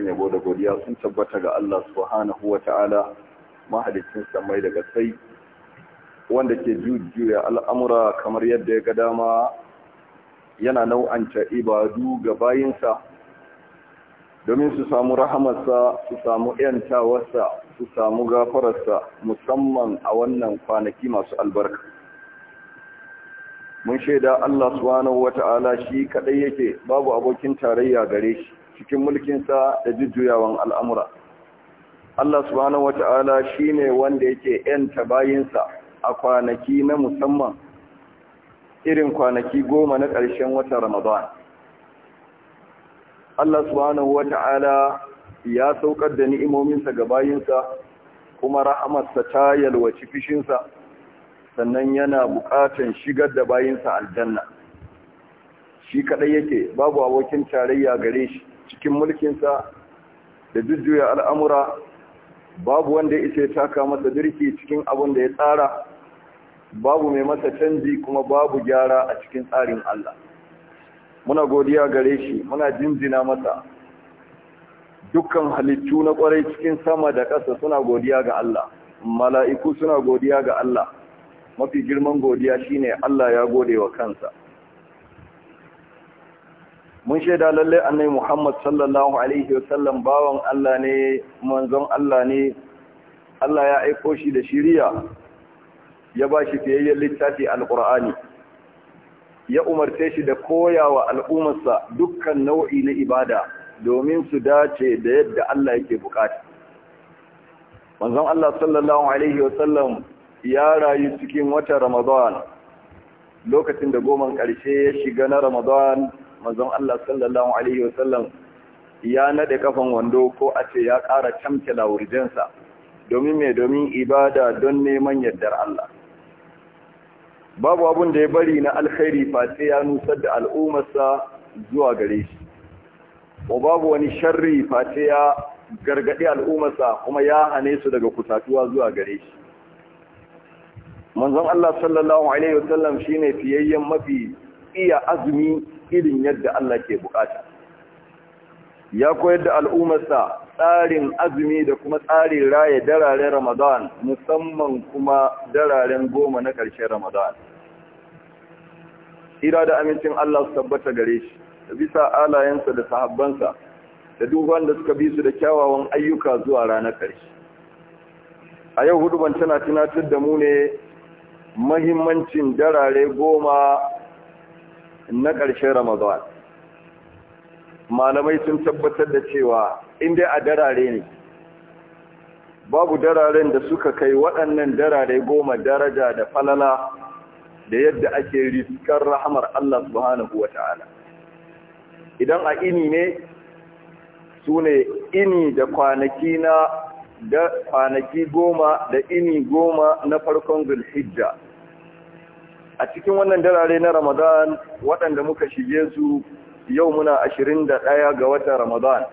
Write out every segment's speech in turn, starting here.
dukkan yabo da godiya sun tabbata ga Allah subhanahu wa ta'ala mahalicin samai daga sai wanda ke jujjuya al'amura kamar yadda ya ga dama yana nau'anta ibadu ga bayinsa domin su samu rahamarsa su samu ‘yantawarsa su samu gafararsa musamman a wannan kwanaki masu albarka mun shaida Allah subhanahu ta'ala shi kaɗai yake babu abokin tarayya gare shi cikin mulkinsa da jujjuyawan al'amura. Allah subhanahu wa ta'ala shi ne wanda yake ‘yanta bayinsa a kwanaki na musamman irin kwanaki goma na ƙarshen wata Ramadan. Allah subhanahu wa ta'ala ya saukar da ni'imominsa ga bayinsa kuma rahamarsa ta yalwaci fishinsa sannan yana buƙatan shigar da bayinsa aljanna. Shi kaɗai yake babu abokin tarayya gare shi. cikin mulkinsa da jujjuya al'amura babu wanda ya isa ya taka masa birki cikin abin da ya tsara babu mai masa canji kuma babu gyara a cikin tsarin Allah muna godiya gare shi muna jinjina masa dukkan halittu na kwarai cikin sama da ƙasa suna godiya ga Allah mala'iku suna godiya ga Allah mafi girman godiya shine Allah ya gode wa kansa mun shaida lalle annai Muhammad sallallahu alaihi wasallam bawan Allah ne manzon Allah ne Allah ya aiko shi da shiriya ya ba shi fiyayyen littafi alqur'ani ya umarce shi da koyawa al'ummarsa dukkan nau'i na ibada domin su dace da yadda Allah yake bukata manzon Allah sallallahu alaihi wasallam ya rayu cikin watan Ramadan lokacin da goman ƙarshe ya shiga na Ramadan manzon Allah sallallahu alaihi wasallam ya nade kafan wando ko a ce ya ƙara camkila wurjinsa domin mai domin ibada don neman yardar Allah babu abun da ya bari na alkhairi face ya nusar da al'ummarsa zuwa gare shi ko babu wani sharri face ya gargadi al'ummarsa kuma ya hane su daga kutatuwa zuwa gare shi manzon Allah sallallahu alaihi wasallam shine fiyayyen mafi iya azumi irin yadda Allah ke bukata ya koyar da al'ummarsa tsarin azumi da kuma tsarin raya dararen Ramadan musamman kuma dararen goma na ƙarshen Ramadan Ira da amincin Allah su tabbata gare shi da bisa alayensa da sahabbansa da duk wanda suka bi su da kyawawan ayyuka zuwa ranar ƙarshe a yau hudu ban tana tunatar da mu ne mahimmancin darare goma na ƙarshen ramadan malamai sun tabbatar da cewa inda a darare ne babu dararen da suka kai waɗannan darare goma daraja da falala da yadda ake riskar rahamar Allah subhanahu wa ta'ala idan a ini ne su ne ini da kwanaki na da kwanaki goma da ini goma na farkon zulhijja a cikin wannan darare na Ramadan waɗanda muka shige su yau muna ashirin da ɗaya ga watan Ramadan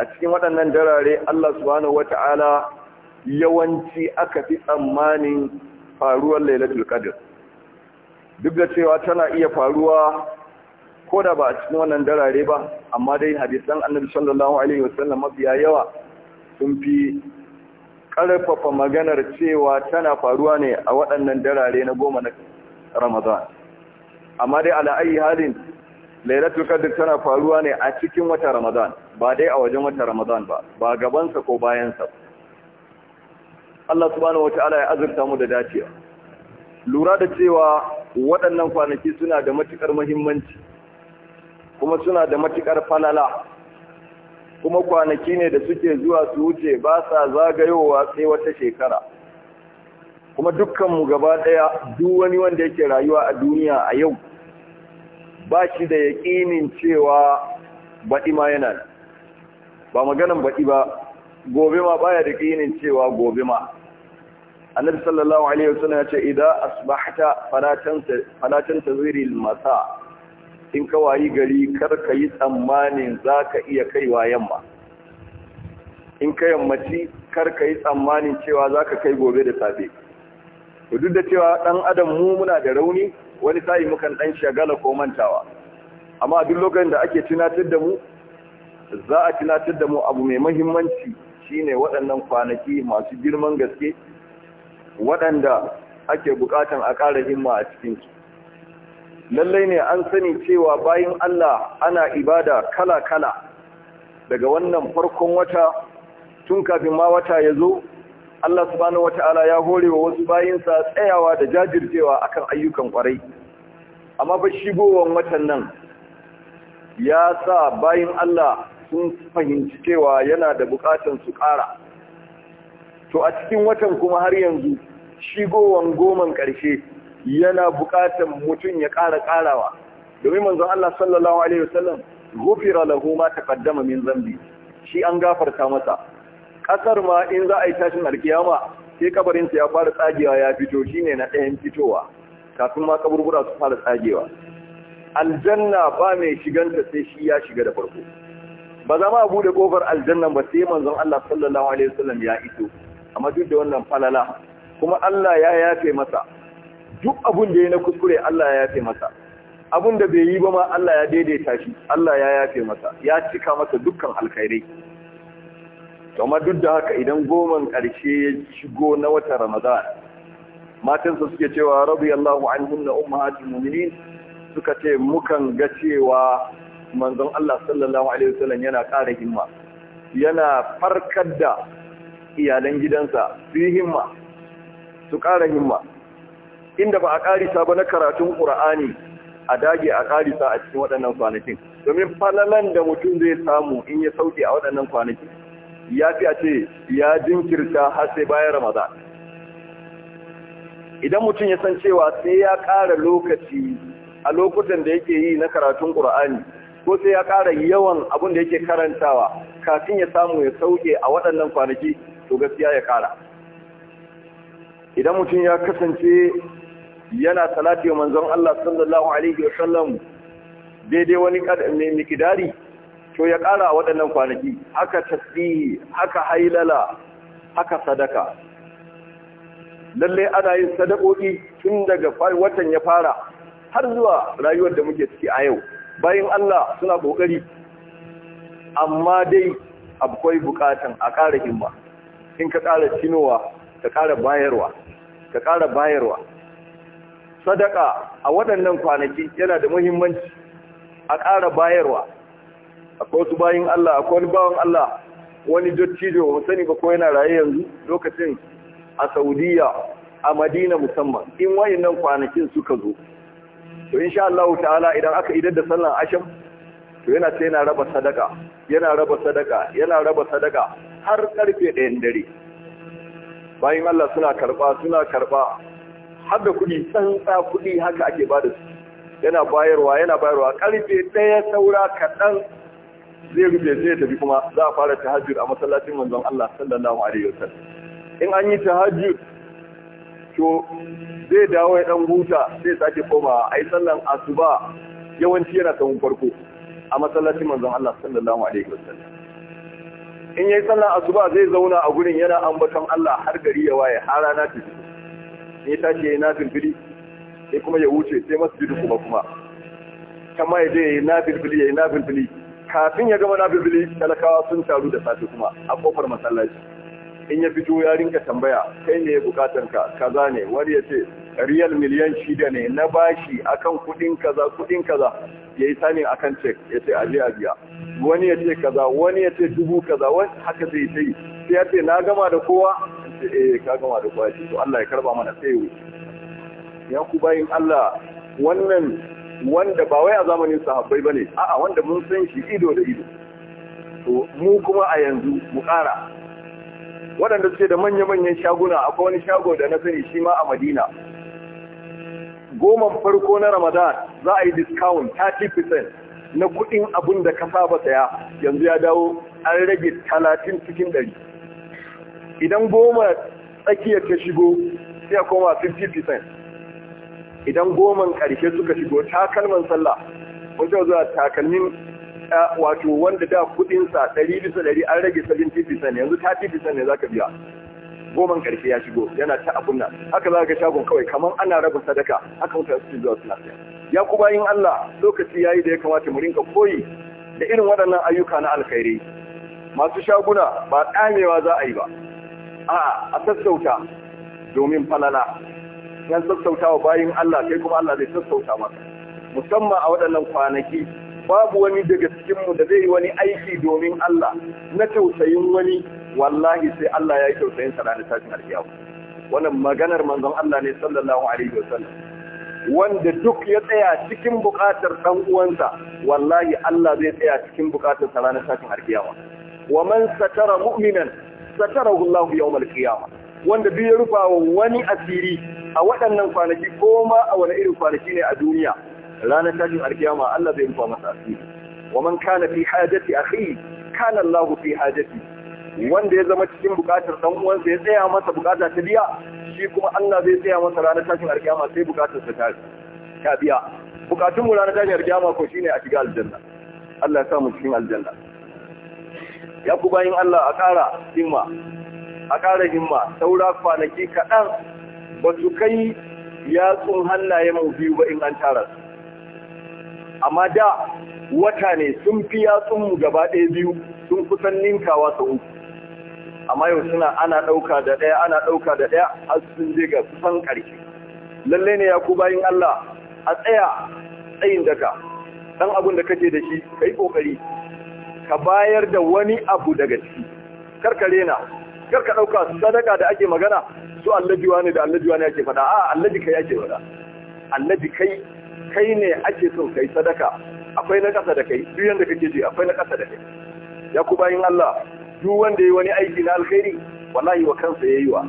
a cikin waɗannan darare Allah subhanahu ta'ala, yawanci aka fi tsammanin faruwar Lailatul Qadr duk da cewa tana iya faruwa ko da ba a cikin wannan darare ba amma dai hadisan Annabi sallallahu alaihi wasallam mafiya yawa sun fi ƙarfafa maganar cewa tana faruwa ne a waɗannan darare na goma na Ramadan. Amma dai ala'ayi halin, Lailatul Qadr tana faruwa ne a cikin wata Ramadan, ba dai a wajen wata Ramadan ba, ba gabansa ko bayansa. Allah subhanahu wata'ala ya azurta mu da dacewa. Lura da cewa waɗannan kwanaki suna da matuƙar muhimmanci, kuma suna da matukar falala. kuma kwanaki ne da suke zuwa su wuce ba sa zagayowa sai wata shekara kuma dukkanmu gaba ɗaya duk wani wanda yake rayuwa a duniya a yau ba shi da yaƙinin cewa baɗi ma yana ba maganan baɗi ba gobe ma baya da yaƙinin cewa gobe ma annabi sallallahu alaihi wasallam ya ce idan asbahta zuri al masa in ka wayi gari kar ka yi tsammanin za ka iya kaiwa yamma in ka yammaci kar ka yi tsammanin cewa za ka kai gobe da safe duk da cewa dan adam mu muna da rauni wani sa'i mukan dan shagala ko mantawa amma duk lokacin da ake tunatar da mu za a tunatar da mu abu mai muhimmanci shine waɗannan kwanaki masu girman gaske waɗanda ake buƙatan a ƙara himma a cikinsu lallai ne an sani cewa bayan Allah ana ibada kala-kala daga wannan farkon wata tun kafin ma wata ya zo Allah subhanahu wata'ala ya hore wa wasu bayinsa tsayawa da jajircewa akan ayyukan kwarai amma fa shigowar watan nan ya sa bayan Allah sun fahimci cewa yana da bukatan su ƙara to a cikin watan kuma har yanzu shigowan goman ƙarshe yana buƙatar mutum ya ƙara ƙarawa domin manzon Allah sallallahu alaihi wasallam gufira lahu ma taqaddama min zambi shi an gafarta masa kasar ma in za a yi tashin alkiyama sai kabarin sa ya fara tsagewa ya fito shine na ɗayan fitowa kafin ma kaburbura su fara tsagewa aljanna ba mai shiganta sai shi ya shiga da farko ba za ma bude kofar aljanna ba sai manzon Allah sallallahu alaihi wasallam ya iso amma duk da wannan falala kuma Allah ya yafe masa duk abunda da ya na kuskure Allah ya yafe masa abin da bai yi ba ma Allah ya daidaita shi Allah ya yafe masa ya cika masa dukkan alkhairai amma duk da haka idan goman ƙarshe ya shigo na wata Ramadan matansa suke cewa radiyallahu anhunna ummahatul mu'minin suka ce mukan ga cewa manzon Allah sallallahu alaihi wasallam yana ƙara himma yana farkar da iyalan gidansa su himma su ƙara himma inda ba a ƙarisa ba na karatun ƙur'ani a dage a ƙarisa a cikin waɗannan kwanakin domin falalan da mutum zai samu in ya sauke a waɗannan kwanaki ya fi a ce ya jinkirta har sai bayan Ramadan idan mutum ya san cewa sai ya ƙara lokaci a lokutan da yake yi na karatun ƙur'ani, ko sai ya ƙara yawan abin da yake karantawa kafin ya samu ya sauke a waɗannan kwanaki to gaskiya ya ƙara idan mutum ya kasance yana salati wa manzon Allah sallallahu alaihi wa sallam daidai wani kidari to ya ƙara waɗannan kwanaki haka tasbihi haka hailala haka sadaka lalle ana yin sadakoki tun daga watan ya fara har zuwa rayuwar da muke ciki a yau bayan Allah suna kokari amma dai akwai bukatan a ƙara himma in ka ƙara cinowa ka ƙara bayarwa ka ƙara bayarwa sadaka a waɗannan kwanaki yana da muhimmanci a ƙara bayarwa akwai wasu bayin Allah akwai wani bawan Allah wani dottijo mu sani ba ko yana raye yanzu lokacin a Saudiya a Madina musamman in wayannan kwanakin suka zo to insha Allah ta'ala idan aka idar da sallan asham to yana ta yana raba sadaka yana raba sadaka yana raba sadaka har karfe ɗayan dare bayan Allah suna karba suna karba har da kuɗi sa kuɗi haka ake ba da su yana bayarwa yana bayarwa Ƙarfe ɗaya saura kaɗan zai rufe zai tafi kuma za a fara tahajjud a masallacin manzon Allah sallallahu alaihi wasallam in an yi tahajjud to zai dawo ya dan huta zai sake koma ai sallan asuba yawanci yana kan farko a masallacin manzon Allah sallallahu alaihi wasallam in yayi sallan asuba zai zauna a gurin yana ambaton Allah har gari ya waye har rana ta fito ya tashi ya yi na fili ya kuma ya wuce sai masu jidu kuma kuma kama ya je ya yi na fili ya yi na fili kafin ya gama na fili talakawa sun taru da safe kuma a kofar masallaci in ya fito ya rinka tambaya kai ne ya bukatar ka kaza ne wani ya ce riyal miliyan shida ne na bashi akan kudin kaza kudin kaza ya yi sani akan cek ya ce aje a biya wani ya ce kaza wani ya ce dubu kaza wani haka zai yi sai ya ce na gama da kowa e, ka gama da to Allah ya karba mana sai ya ku bayin Allah wannan wanda ba wai a zamanin sahabbai bane a'a wanda mun san shi ido da ido to mu kuma a yanzu mu ƙara waɗanda suke da manya-manyan shaguna akwai wani shago da na sani shi ma a Madina Goman farko na Ramadan za a yi discount 30% na kuɗin abin da ka saba saya yanzu ya dawo an rage 30 cikin 100 idan goma tsakiyar ta shigo sai a koma 50% idan goman karshe suka shigo takalman sallah wajen zuwa takalmin wato wanda da kudinsa 100% an rage 70% yanzu 30% ne za ka biya goman karshe ya shigo yana ta abun nan haka za ka shagon kawai kamar ana rabin sadaka haka mutane su zuwa suna ya kuma yin Allah lokaci ya yi da ya kamata mu rinka koyi da irin waɗannan ayyuka na alkhairi masu shaguna ba ɗamewa za a yi ba a a sassauta domin falala yan sassauta wa bayin Allah sai kuma Allah zai sassauta maka musamman a waɗannan kwanaki babu wani daga cikinmu da zai yi wani aiki domin Allah na tausayin wani wallahi sai Allah ya yi tausayin sa ranar tashin alkiyama wannan maganar manzon Allah ne sallallahu alaihi wasallam wanda duk ya tsaya cikin bukatar dan uwansa wallahi Allah zai tsaya cikin bukatar sa ranar tashin wa man satara mu'minan satarahu Allah yawmal qiyamah wanda duk ya rufa wa wani asiri a waɗannan kwanaki ko ma a wani irin kwanaki ne a duniya ranar tashin alkiyama Allah zai rufa masa asiri wa man kana fi hajati akhi kana Allah fi hajati wanda ya zama cikin bukatar dan uwansa ya tsaya masa bukata ta biya shi kuma Allah zai tsaya masa ranar tashin alkiyama sai bukatar sa ta biya bukatun mu ranar tashin alkiyama ko shine a shiga aljanna Allah ya sa mu cikin aljanna ya ku bayin Allah a ƙara himma a ƙara himma saura kwanaki kaɗan ba su kai yatsun hannaye mu biyu ba in an tara su amma da wata ne sun fi yatsun mu gaba ɗaya biyu sun kusan ninkawa sau uku amma yau suna ana ɗauka da ɗaya ana ɗauka da ɗaya har sun je ga kusan ƙarshe lallai ne ya ku bayin Allah a tsaya tsayin daka ɗan abin da kake da shi ka yi ƙoƙari ka bayar da wani abu daga ciki karkare na karka ɗauka sadaka da ake magana su allajiwa ne da allajiwa ne ake faɗa a allaji kai ake faɗa allaji kai kai ne ake so kai sadaka akwai na ƙasa da kai duk yanda kake ji akwai na ƙasa da kai ya ku bayin Allah duk wanda yi wani aiki na alkhairi wallahi wa kansa yayi wa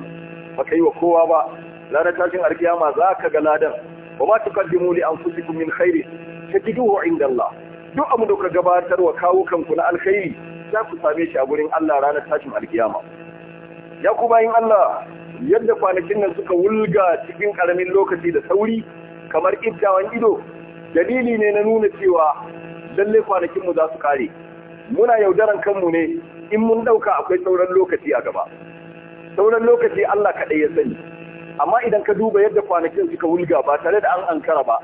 ba kai wa kowa ba ranar tashin alkiyama za ka ga ladan wa ma tuqaddimu li anfusikum min khairin tajiduhu inda Allah duk abin da kuka gabatar wa kawo kanku na alkhairi za ku same shi a gurin Allah ranar tashin alkiyama ya ku bayin Allah yadda kwanakin nan suka wulga cikin karamin lokaci da sauri kamar iddawan ido dalili ne na nuna cewa lallai kwanakin mu za su kare muna yaudaran kanmu ne in mun dauka akwai sauran lokaci a gaba sauran lokaci Allah kaɗai ya sani amma idan ka duba yadda kwanakin suka wulga ba tare da an ankara ba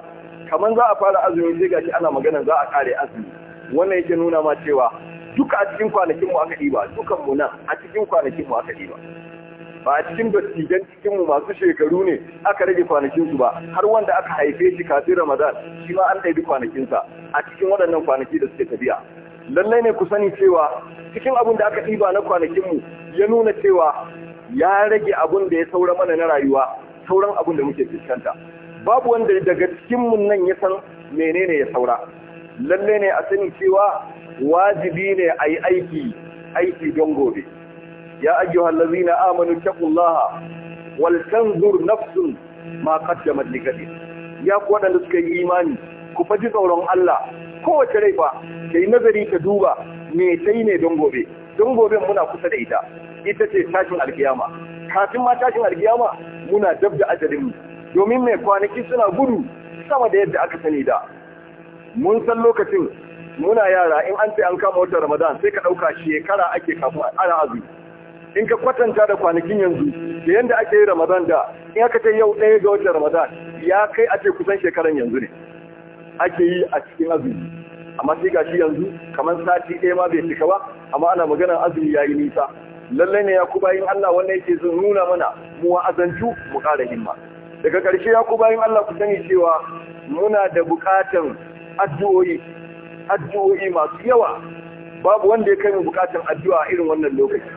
kamar za a fara azumi zai gashi ana magana za a kare azumi wannan yake nuna ma cewa duka a cikin kwanakin mu aka diba dukan mu nan a cikin kwanakin mu aka diba ba a cikin dattijan cikin mu masu shekaru ne aka rage kwanakin su ba har wanda aka haife shi kafin Ramadan shi ma an ɗaibi kwanakin sa a cikin waɗannan kwanaki da suke tafiya lallai ne ku sani cewa cikin abin da aka ɗiba na kwanakin mu ya nuna cewa ya rage abin da ya saura mana na rayuwa sauran abin da muke fuskanta babu wanda daga cikinmu nan ya san menene ya saura lalle ne a sani cewa wajibi ne a yi aiki aiki don gobe ya ayyuhal ladzina amanu taqullaha wal tanzur nafsun ma qaddamat ligadi ya ku wadanda suka yi imani ku faji tsoron Allah kowace rai fa kai nazari ta duba me tai ne don gobe don gobe muna kusa da ita ita ce tashin alkiyama kafin ma tashin alkiyama muna dab da ajalin mu domin mai kwanaki suna gudu sama da yadda aka sani da mun san lokacin muna yara in an ce an kama wata ramadan sai ka ɗauka shekara ake kafin ana azu in ka kwatanta da kwanakin yanzu da yadda ake yi ramadan da in aka ce yau ɗaya ga wata ramadan ya kai a ce kusan shekaran yanzu ne ake yi a cikin azumi amma sai ga shi yanzu kamar sati ɗaya ma bai cika ba amma ana maganar azumi ya yi nisa lallai ne ya ku in Allah wannan yake zan nuna mana mu wa'azantu mu ƙara himma daga ƙarshe ya ku bayan Allah ku sani cewa muna da bukatan addu'o'i addu'o'i masu yawa babu wanda ya kai bukatan addu'a irin wannan lokaci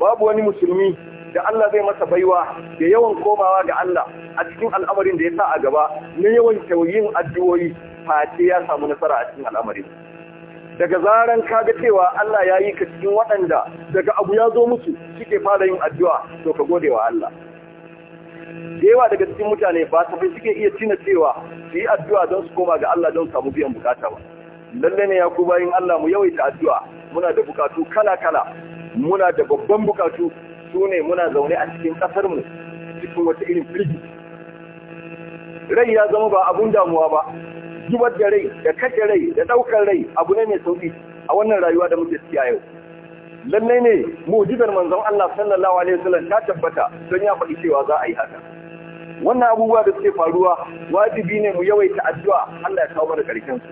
babu wani musulmi da Allah zai masa baiwa da yawan komawa ga Allah a cikin al'amarin da ya sa a gaba na yawan yin addu'o'i face ya samu nasara a cikin al'amarin daga zaran kaga cewa Allah ya yi ka cikin waɗanda daga abu ya zo musu suke fara yin addu'a to ka gode wa Allah da yawa daga cikin mutane ba su suke iya cina cewa su yi addu'a don su koma ga Allah don samu biyan bukata ba lalle ne ya ku bayin Allah mu yawaita addu'a muna da bukatu kala kala muna da babban bukatu su ne muna zaune a cikin kasar mu cikin wata irin firgi rai ya zama ba abun damuwa ba zubar da rai da kashe rai da ɗaukar rai abu ne mai sauki a wannan rayuwa da muke ciki yau lallai ne mu'jizar manzon Allah sallallahu alaihi wasallam ta tabbata don ya faɗi cewa za a yi haka wannan abubuwa da suke faruwa wajibi ne mu yawaita addu'a Allah ya kawo mana karshen su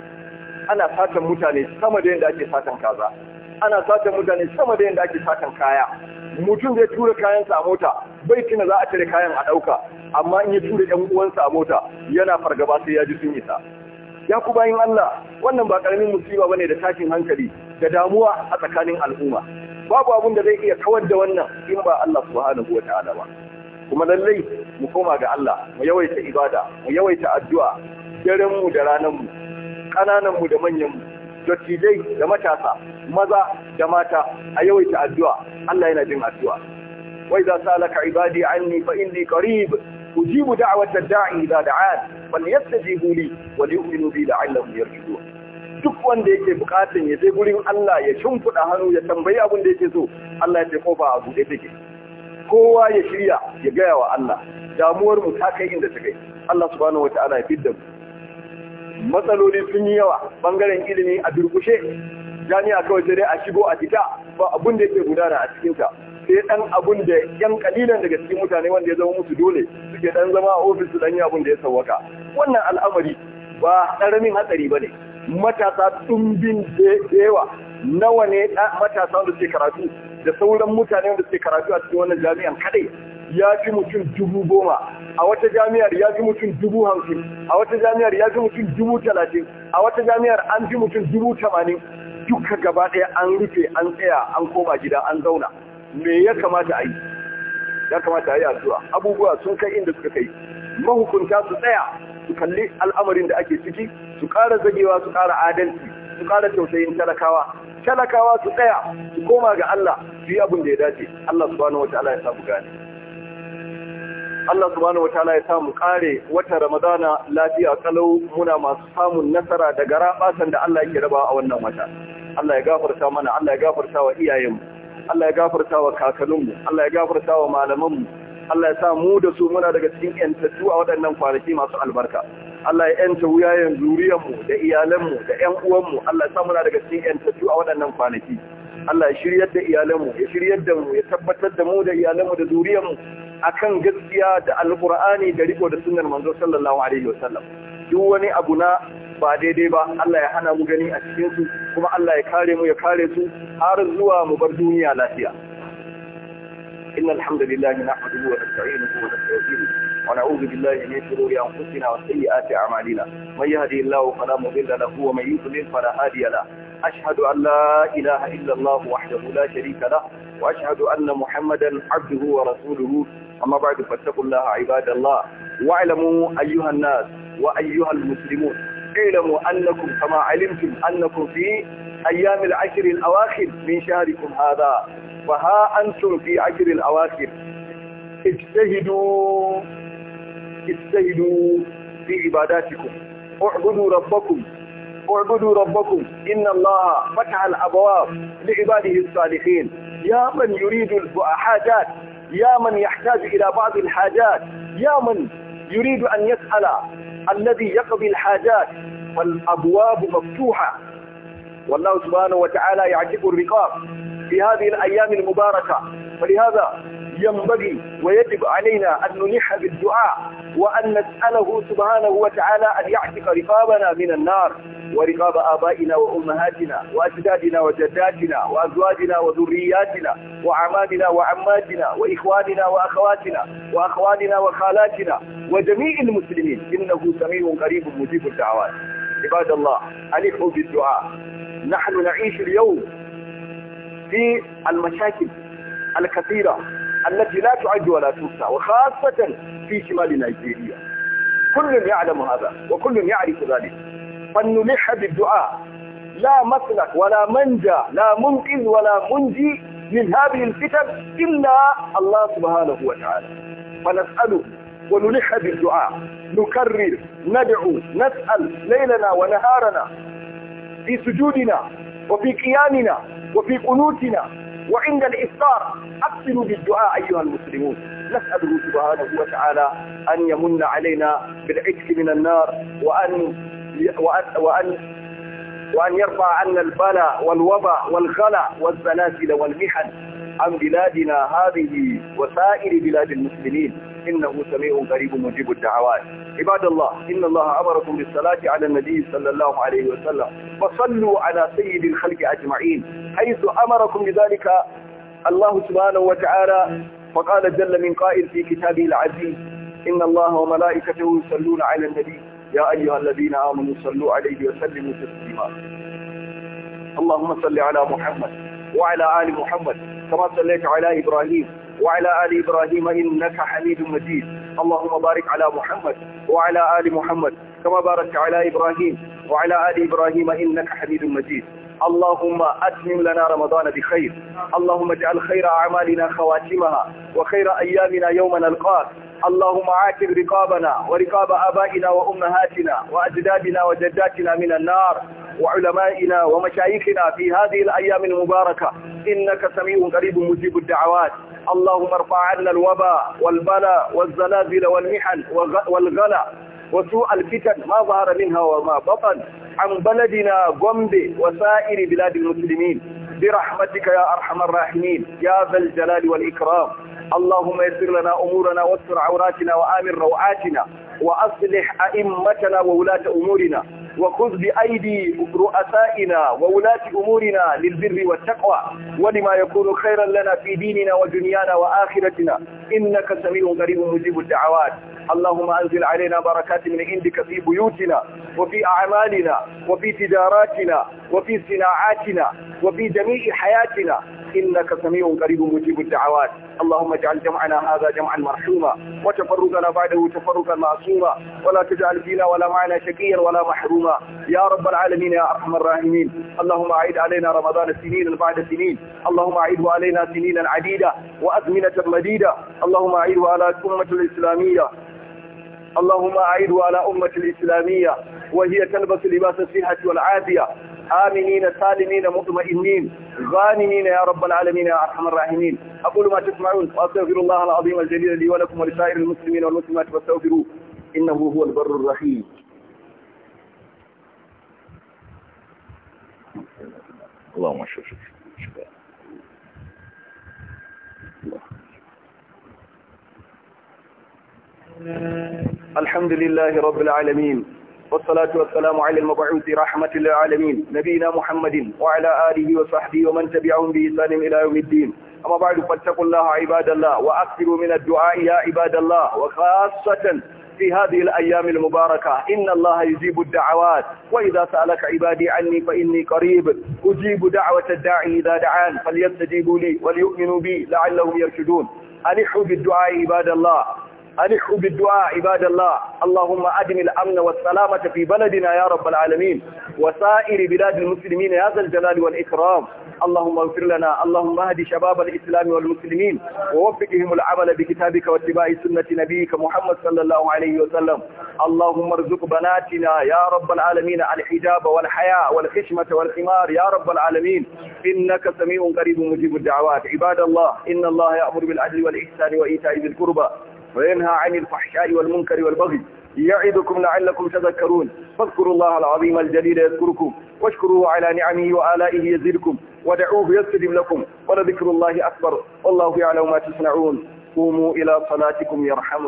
ana satan mutane sama da yadda ake satan kaza ana satan mutane sama da yadda ake satan kaya mutum zai tura kayansa a mota bai tuna za a tare kayan a ɗauka amma in ya tura 'yan uwansa a mota yana fargaba sai ya ji sun isa ya ku bayin Allah wannan ba karamin musiba bane da tashin hankali da damuwa a tsakanin al'umma babu abin da zai iya kawar da wannan in ba Allah subhanahu wataala ba kuma lallai mu koma ga Allah mu yawaita ibada mu yawaita addu'a daren mu da ranar mu kananan mu da manyan mu dattijai da matasa maza da mata a yawaita addu'a Allah yana jin addu'a wa idza salaka ibadi anni fa inni qarib ujibu ad da'i idza da'an yastajibu li wal yu'minu bi la'allahum yarshudun duk wanda yake bukatun ya je gurin Allah ya shimfuda hannu ya tambayi abin da yake so Allah ya ce kofa a buɗe take kowa ya shirya ya gaya wa Allah damuwar mu ta kai inda ta kai Allah subhanahu wataala ya fidda mu matsaloli sun yi yawa bangaren ilimi a durkushe jami'a kawai sai dai a shigo a fita ba abun da yake gudana a cikin ta sai dan abun da yan kalilan daga cikin mutane wanda ya zama musu dole suke dan zama a ofis su dan yi abun da ya sawwaka wannan al'amari ba karamin hatsari bane matasa tumbin da yawa nawa ne matasa da suke karatu da sauran mutane da suke karatu a cikin wannan jami'an kadai ya fi mutum dubu goma a wata jami'ar ya fi mutum dubu hamsin a wata jami'ar ya fi mutum dubu talatin a wata jami'ar an fi mutum dubu tamanin duka gaba ɗaya an rufe an tsaya an koma gida an zauna me ya kamata a yi ya kamata a yi addu'a abubuwa sun kai inda suka kai mahukunta su tsaya su kalli al'amarin da ake ciki su ƙara zagewa su ƙara adalci su ƙara tausayin talakawa talakawa su tsaya su koma ga Allah su yi abin da ya dace Allah subhanahu wataala ya samu gane Allah subhanahu wataala ya samu kare wata Ramadana lafiya kalau muna masu samun nasara da garabasan da Allah yake raba a wannan wata Allah ya gafarta mana Allah ya gafarta wa iyayenmu Allah ya gafarta wa kakanninmu Allah ya gafarta wa malamanmu Allah ya sa mu da su muna daga cikin yantattu a waɗannan kwanaki masu albarka Allah ya yanta wuyayen zuriyarmu da iyalanmu da ƴan uwanmu Allah ya sa muna daga cikin yantattu a waɗannan kwanaki Allah ya shiryar da iyalanmu ya shiryar da mu ya tabbatar da mu da iyalanmu da zuriyarmu akan gaskiya da alqur'ani da riko da sunnar manzo sallallahu alaihi wasallam duk wani abu na ba daidai ba Allah ya hana mu gani a cikin su kuma Allah ya kare mu ya kare su har zuwa mu bar duniya lafiya إن الحمد لله نحمده ونستعينه ونستغفره ونعوذ بالله من شرور أنفسنا وسيئات أعمالنا من يهدي الله فلا مضل له ومن يضلل فلا هادي له أشهد أن لا إله إلا الله وحده لا شريك له وأشهد أن محمدا عبده ورسوله أما بعد فاتقوا الله عباد الله واعلموا أيها الناس وأيها المسلمون اعلموا أنكم كما علمتم أنكم في أيام العشر الأواخر من شهركم هذا فها أنتم في عشر الأواخر اجتهدوا اجتهدوا في عباداتكم اعبدوا ربكم اعبدوا ربكم إن الله فتح الأبواب لعباده الصالحين يا من يريد الحاجات يا من يحتاج إلى بعض الحاجات يا من يريد أن يسأل الذي يقضي الحاجات فالأبواب مفتوحة والله سبحانه وتعالى يعجب الرقاب في هذه الأيام المباركة فلهذا ينبغي ويجب علينا أن نلح بالدعاء وأن نسأله سبحانه وتعالى أن يعتق رقابنا من النار ورقاب آبائنا وأمهاتنا وأجدادنا وجداتنا وأزواجنا وذرياتنا وعمادنا وعماتنا وإخواننا وأخواتنا وأخواننا وخالاتنا وجميع المسلمين إنه سميع قريب مجيب الدعوات عباد الله ألحوا بالدعاء نحن نعيش اليوم في المشاكل الكثيرة التي لا تعد ولا تنسى وخاصة في شمال نيجيريا كل يعلم هذا وكل يعرف ذلك فلنلح بالدعاء لا مسلك ولا منجى لا منقذ ولا منجي من هذه الفتن إلا الله سبحانه وتعالى فنسأله ونلح بالدعاء نكرر ندعو نسأل ليلنا ونهارنا في سجودنا وفي قيامنا وفي قنوتنا وعند الإفطار أقسموا بالدعاء أيها المسلمون نسأله سبحانه وتعالى أن يمن علينا بالعتق من النار وأن وأن وأن وأن يرفع عنا البلاء والوباء والخلع والزلازل والمحن عن بلادنا هذه وسائر بلاد المسلمين إنه سميع قريب مجيب الدعوات عباد الله إن الله أمركم بالصلاة على النبي صلى الله عليه وسلم فصلوا على سيد الخلق أجمعين حيث أمركم بذلك الله سبحانه وتعالى فقال جل من قائل في كتابه العزيز إن الله وملائكته يصلون على النبي يا أيها الذين آمنوا صلوا عليه وسلموا تسليما اللهم صل على محمد وعلى آل محمد كما صليت على إبراهيم وعلى آل إبراهيم إنك حميد مجيد اللهم بارك على محمد وعلى آل محمد كما باركت على إبراهيم وعلى آل إبراهيم إنك حميد مجيد اللهم أتمم لنا رمضان بخير اللهم اجعل خير أعمالنا خواتمها وخير أيامنا يوم نلقاك اللهم عاكب رقابنا ورقاب آبائنا وأمهاتنا وأجدادنا وجداتنا من النار وعلمائنا ومشايخنا في هذه الأيام المباركة إنك سميع قريب مجيب الدعوات اللهم ارفع عنا الوباء والبلاء والزلازل والمحن والغلا وسوء الفتن ما ظهر منها وما بطن عن بلدنا غومبي وسائر بلاد المسلمين برحمتك يا أرحم الراحمين يا ذا الجلال والإكرام اللهم يسر لنا أمورنا واستر عوراتنا وآمن روعاتنا وأصلح أئمتنا وولاة أمورنا وخذ بأيدي رؤسائنا وولاة أمورنا للبر والتقوى ولما يكون خيرا لنا في ديننا ودنيانا وآخرتنا إنك سميع قريب مجيب الدعوات اللهم أنزل علينا بركات من عندك في بيوتنا وفي أعمالنا وفي تجاراتنا وفي صناعاتنا وفي جميع حياتنا إنك سميع قريب مجيب الدعوات اللهم اجعل جمعنا هذا جمعا مرحوما وتفرقنا بعده تفرقا معصوما ولا تجعل فينا ولا معنا شقيا ولا محروما يا رب العالمين يا أرحم الراحمين اللهم أعد علينا رمضان سنين بعد سنين اللهم أعده علينا سنين عديدة وأزمنة مديدة اللهم أعده على الأمة الإسلامية اللهم أعده على أمة الإسلامية وهي تلبس لباس الصحة والعافية آمنين سالمين مطمئنين غانمين يا رب العالمين يا أرحم الراحمين أقول ما تسمعون وأستغفر الله العظيم الجليل لي ولكم ولسائر المسلمين والمسلمات فاستغفروه إنه هو البر الرحيم اللهم شكرا شكرا الحمد لله رب العالمين والصلاة والسلام على المبعوث رحمة للعالمين نبينا محمد وعلى آله وصحبه ومن تبعهم بإحسان إلى يوم الدين أما بعد فاتقوا الله عباد الله وأكثروا من الدعاء يا عباد الله وخاصة في هذه الأيام المباركة إن الله يجيب الدعوات وإذا سألك عبادي عني فإني قريب أجيب دعوة الداعي إذا دعان فليستجيبوا لي وليؤمنوا بي لعلهم يرشدون ألحوا بالدعاء عباد الله ألحوا بالدعاء عباد الله اللهم أدم الأمن والسلامة في بلدنا يا رب العالمين وسائر بلاد المسلمين يا ذا الجلال والإكرام اللهم اغفر لنا اللهم اهد شباب الإسلام والمسلمين ووفقهم العمل بكتابك واتباع سنة نبيك محمد صلى الله عليه وسلم اللهم ارزق بناتنا يا رب العالمين الحجاب والحياء والخشمة والخمار يا رب العالمين إنك سميع قريب مجيب الدعوات عباد الله إن الله يأمر بالعدل والإحسان وإيتاء ذي القربى وينهى عن الفحشاء والمنكر والبغي يعدكم لعلكم تذكرون فاذكروا الله العظيم الجليل يذكركم واشكروه على نعمه وآلائه يزدكم ودعوه يستجب لكم ولذكر الله أكبر والله يعلم ما تصنعون قوموا إلى صلاتكم يرحمكم